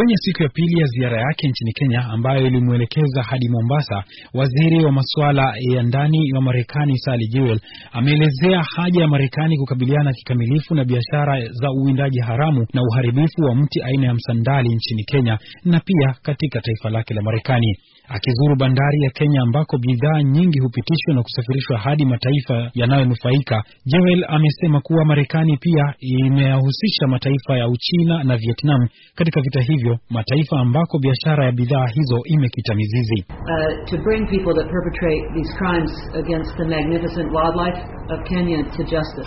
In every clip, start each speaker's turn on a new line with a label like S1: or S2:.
S1: Kwenye siku ya pili ya ziara yake nchini Kenya ambayo ilimwelekeza hadi Mombasa, waziri wa masuala ya ndani wa Marekani Sally Jewel ameelezea haja ya Marekani kukabiliana kikamilifu na biashara za uwindaji haramu na uharibifu wa mti aina ya msandali nchini Kenya na pia katika taifa lake la Marekani. Akizuru bandari ya Kenya ambako bidhaa nyingi hupitishwa na kusafirishwa hadi mataifa yanayonufaika, Jewel amesema kuwa Marekani pia imeyahusisha mataifa ya Uchina na Vietnam katika vita hivyo hivyo mataifa ambako biashara ya bidhaa hizo imekita mizizi. Uh, to bring people that perpetrate these crimes against the magnificent wildlife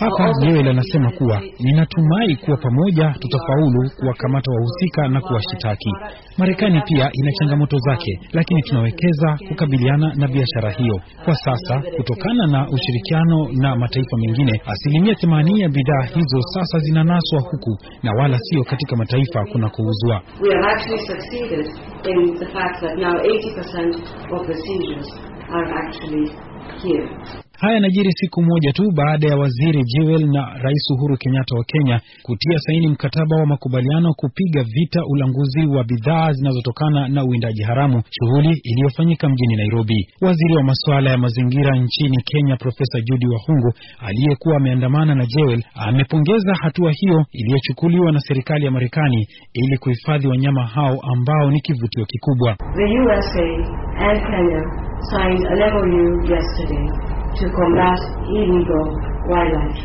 S1: hapa Joel anasema kuwa ninatumai kuwa pamoja tutafaulu kuwakamata wahusika na kuwashitaki. Marekani pia ina changamoto zake, lakini tunawekeza kukabiliana na biashara hiyo. Kwa sasa, kutokana na ushirikiano na mataifa mengine, asilimia themanini ya bidhaa hizo sasa zinanaswa huku na wala sio katika mataifa kunakouzwa. Haya yanajiri siku moja tu baada ya waziri Jewel na Rais Uhuru Kenyatta wa Kenya kutia saini mkataba wa makubaliano kupiga vita ulanguzi wa bidhaa zinazotokana na uwindaji haramu, shughuli iliyofanyika mjini Nairobi. Waziri wa masuala ya mazingira nchini Kenya Profesa Judy Wahungu aliyekuwa ameandamana na Jewel amepongeza hatua hiyo iliyochukuliwa na serikali ya Marekani ili kuhifadhi wanyama hao ambao ni kivutio kikubwa. The USA and Kenya signed an MOU yesterday. chocolate híbrido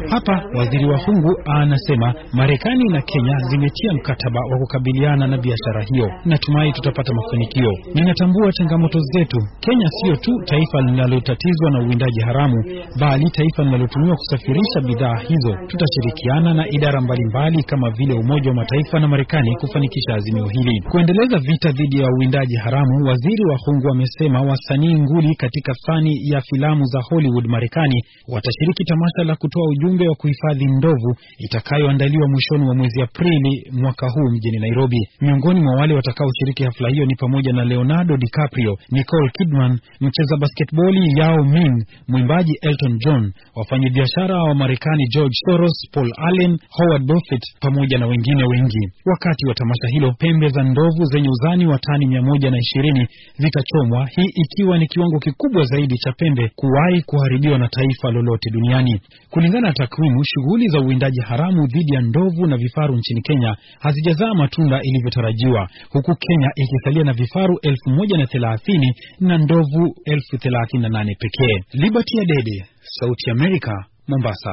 S1: Hapa waziri wa Hungu anasema Marekani na Kenya zimetia mkataba wa kukabiliana na biashara hiyo. Natumai tutapata mafanikio. Ninatambua changamoto zetu. Kenya sio tu taifa linalotatizwa na uwindaji haramu, bali taifa linalotumiwa kusafirisha bidhaa hizo. Tutashirikiana na idara mbalimbali kama vile Umoja wa Mataifa na Marekani kufanikisha azimio hili, kuendeleza vita dhidi ya uwindaji haramu. Waziri wa Hungu amesema wasanii nguli katika fani ya filamu za Hollywood Marekani watashiriki tamasha la kutoa ujumbe wa kuhifadhi ndovu itakayoandaliwa mwishoni mwa mwezi Aprili mwaka huu mjini Nairobi. Miongoni mwa wale watakaoshiriki hafla hiyo ni pamoja na Leonardo DiCaprio, Nicole Kidman, mcheza basketboli Yao Ming, mwimbaji Elton John, wafanyabiashara wa Marekani George Soros, Paul Allen, Howard Buffett pamoja na wengine wengi. Wakati wa tamasha hilo, pembe za ndovu zenye uzani wa tani mia moja na ishirini zitachomwa, hii ikiwa ni kiwango kikubwa zaidi cha pembe kuwahi kuharibiwa na taifa lolote duniani. Kulingana na takwimu, shughuli za uwindaji haramu dhidi ya ndovu na vifaru nchini Kenya hazijazaa matunda ilivyotarajiwa, huku Kenya ikisalia na vifaru elfu moja na thelathini na ndovu elfu thelathini na nane pekee. Liberty Adede, Sauti ya Amerika, Mombasa.